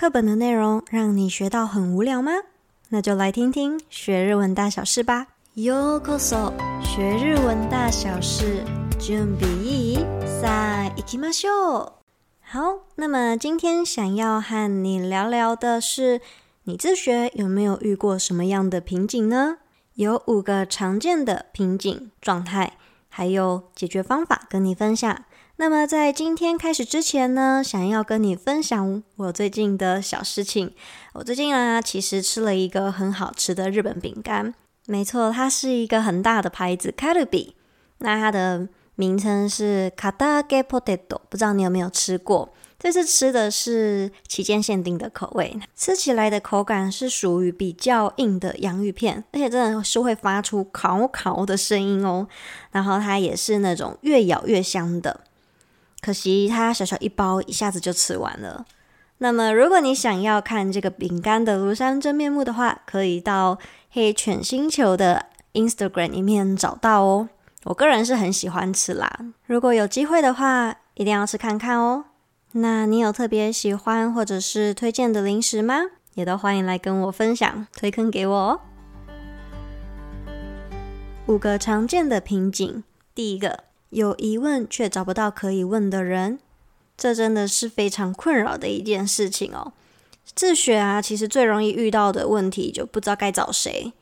課本的內容讓你學到很無聊嗎？那就來聽聽學日文大小事吧。Yo koso，學日文大小事，準備いい、さあ行きましょう。好，那麼今天想要和你聊聊的是，你自學有沒有遇過什麼樣的瓶頸呢？有五個常見的瓶頸狀態，還有解決方法跟你分享。那麼在今天開始之前呢，想要跟你分享我最近的小事情。我最近啊其實吃了一個很好吃的日本餅乾。沒錯，它是一個很大的牌子，Calbee。那它的名稱是カタアゲポテト，不知道你有沒有吃過？這次吃的是期間限定的口味，吃起來的口感是屬於比較硬的洋芋片，而且真的是會發出烤烤的聲音哦。然後它也是那種越咬越香的。可惜它小小一包，一下子就吃完了。那麼，如果你想要看這個餅乾的廬山真面目的話，可以到黑犬星球的 Instagram 裡面找到哦。我個人是很喜歡吃啦，如果有機會的話，一定要吃看看哦。那你有特別喜歡或者是推薦的零食嗎？也都歡迎來跟我分享，推坑給我哦。五個常見的瓶頸，第一個。有疑問卻找不到可以問的人，這真的是非常困擾的一件事情哦。自學啊，其實最容易遇到的問題就不知道該找誰。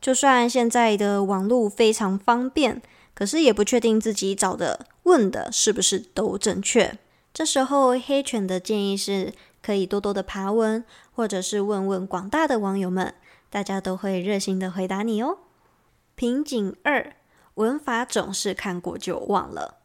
就算現在的網絡非常方便，可是也不確定自己找的問的是不是都正確。這時候黑犬的建議是，可以多多的爬文，或者是問問廣大的網友們，大家都會熱心的回答你哦。瓶頸二。文法總是看過就忘了，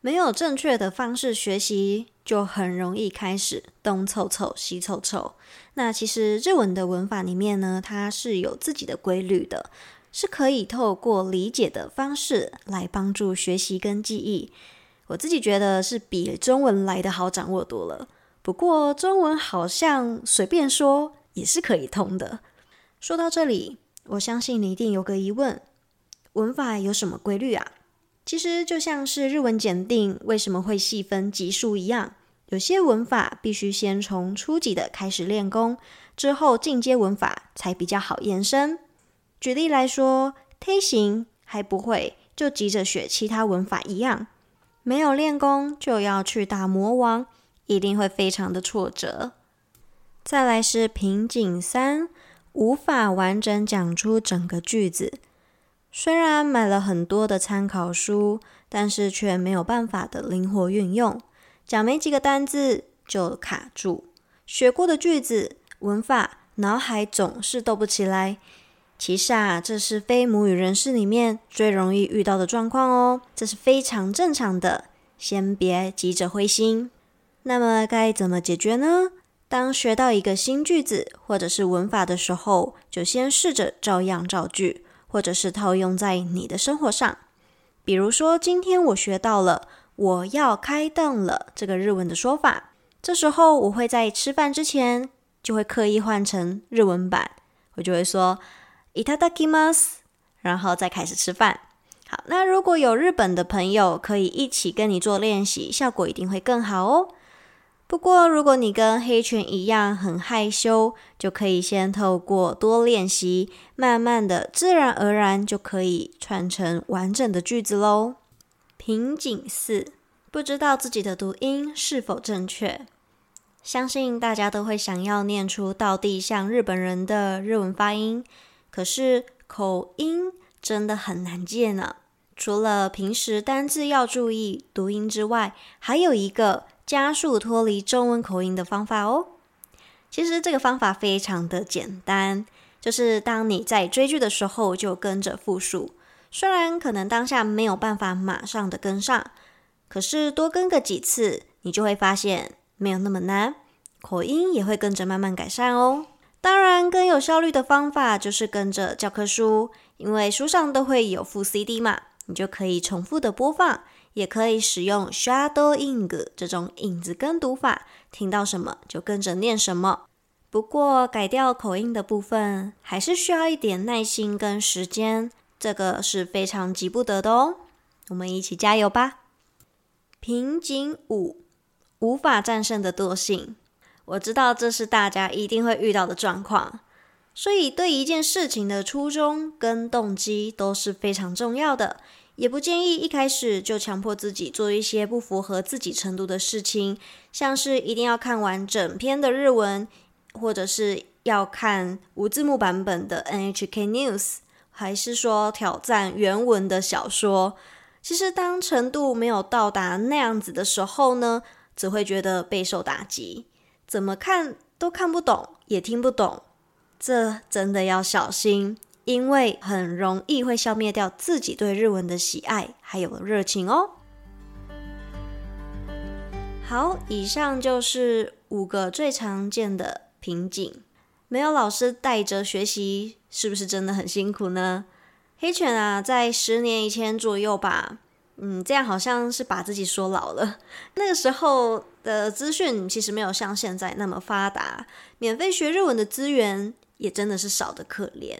沒有正確的方式學習，就很容易開始東湊湊西湊湊。那其實日文的文法裡面呢，它是有自己的規律的，是可以透過理解的方式來幫助學習跟記憶。我自己覺得是比中文來得好掌握多了。不過中文好像隨便說也是可以通的。說到這裡，我相信你一定有個疑問。文法有什麼規律啊？其實就像是日文檢定為什麼會細分級數一樣，有些文法必須先從初級的開始練功，之後進階文法才比較好延伸。舉例來說，梯型還不會，就急着學其他文法一樣，沒有練功就要去打魔王，一定會非常的挫折。再來是瓶頸三，無法完整講出整個句子。雖然買了很多的參考書，但是卻沒有辦法的靈活運用，講沒幾個單字就卡住，學過的句子、文法，腦海總是兜不起來。其實啊，這是非母語人士裡面最容易遇到的狀況哦，這是非常正常的，先別急着灰心。那麼該怎麼解決呢？當學到一個新句子或者是文法的時候，就先試着照樣造句。或者是套用在你的生活上，比如說今天我學到了我要開動了這個日文的說法，這時候我會在吃飯之前就會刻意換成日文版，我就會說，いただきます，然後再開始吃飯。好，那如果有日本的朋友可以一起跟你做練習，效果一定會更好哦。不過，如果你跟黑犬一樣很害羞，就可以先透過多練習，慢慢的自然而然就可以串成完整的句子嘍。瓶頸四，不知道自己的讀音是否正確。相信大家都會想要念出道地像日本人的日文發音，可是口音真的很難戒呢。除了平時單字要注意讀音之外，還有一個。加速脫離中文口音的方法哦，其實這個方法非常的簡單，就是當你在追劇的時候就跟着複述，雖然可能當下沒有辦法馬上的跟上，可是多跟個幾次，你就會發現沒有那麼難，口音也會跟着慢慢改善哦。當然，更有效率的方法就是跟着教科書，因為書上都會有附 CD 嘛，你就可以重複的播放。也可以使用 Shadowing 這種影子跟讀法，聽到什麼就跟着念什麼。不過改掉口音的部分，還是需要一點耐心跟時間，這個是非常急不得的哦。我們一起加油吧！瓶頸五，無法戰勝的惰性。我知道這是大家一定會遇到的狀況，所以對一件事情的初衷跟動機都是非常重要的。也不建議一開始就強迫自己做一些不符合自己程度的事情，像是一定要看完整篇的日文，或者是要看無字幕版本的 NHK News，還是說挑戰原文的小說。其實當程度沒有到達那樣子的時候呢，只會覺得備受打擊，怎麼看都看不懂，也聽不懂，這真的要小心。因為很容易會消滅掉自己對日文的喜愛還有熱情哦。好，以上就是五個最常見的瓶頸。沒有老師帶着學習，是不是真的很辛苦呢？黑犬啊，在十年以前左右吧，嗯，這樣好像是把自己說老了。那個時候的資訊其實沒有像現在那麼發達，免費學日文的資源也真的是少得可憐。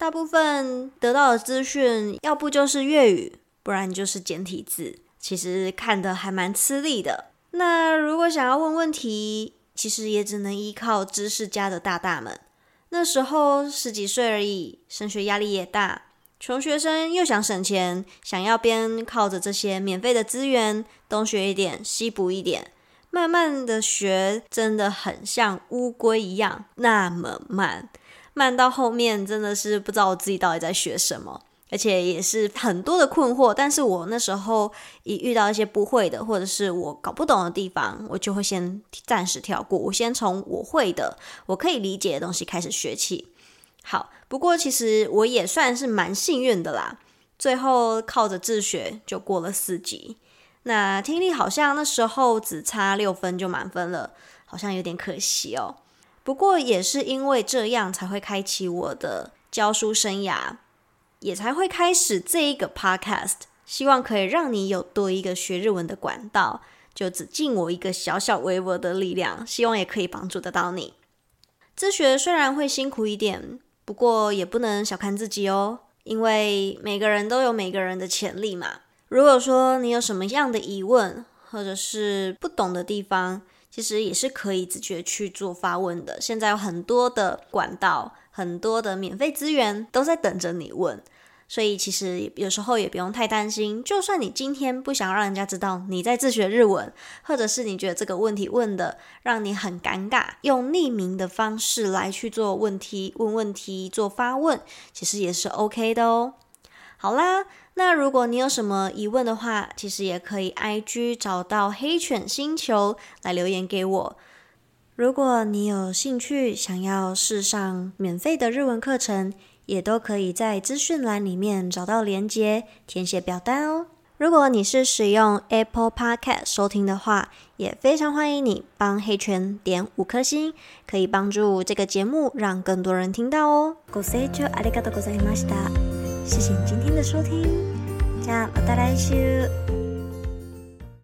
大部分得到的資訊，要不就是粵語，不然就是簡體字，其實看得還蠻吃力的。那如果想要問問題，其實也只能依靠知識家的大大們。那時候十幾歲而已，升學壓力也大，窮學生又想省錢，想要邊靠着這些免費的資源，東學一點，西補一點，慢慢的學，真的很像烏龜一樣那麼慢。慢到後面真的是不知道我自己到底在學什麼，而且也是很多的困惑。但是我那時候一遇到一些不會的或者是我搞不懂的地方，我就會先暫時跳過，我先從我會的、我可以理解的東西開始學起。好，不過其實我也算是蠻幸運的啦，最後靠着自學就過了四級。那聽力好像那時候只差六分就滿分了，好像有點可惜哦。不過也是因為這樣，才會開啟我的教書生涯，也才會開始這一個 podcast。希望可以讓你有多一個學日文的管道，就只盡我一個小小微薄的力量，希望也可以幫助得到你。自學雖然會辛苦一點，不過也不能小看自己哦，因為每個人都有每個人的潛力嘛。如果說你有什麼樣的疑問，或者是不懂的地方，其實也是可以直接去做發問的。現在有很多的管道，很多的免費資源都在等着你問。所以其實有時候也不用太擔心。就算你今天不想讓人家知道你在自學日文，或者是你覺得這個問題問的讓你很尷尬，用匿名的方式來去做問題，問問題，做發問，其實也是 OK 的哦。好啦，那如果你有什麼疑問的話，其實也可以 I G 找到黑犬星球來留言給我。如果你有興趣想要試上免費的日文課程，也都可以在資訊欄裡面找到連接填寫表單哦。如果你是使用 Apple Podcast 收聽的話，也非常歡迎你幫黑犬點五顆星，可以幫助這個節目讓更多人聽到哦。謝謝謝謝你今天的收聽，じゃあまた來週。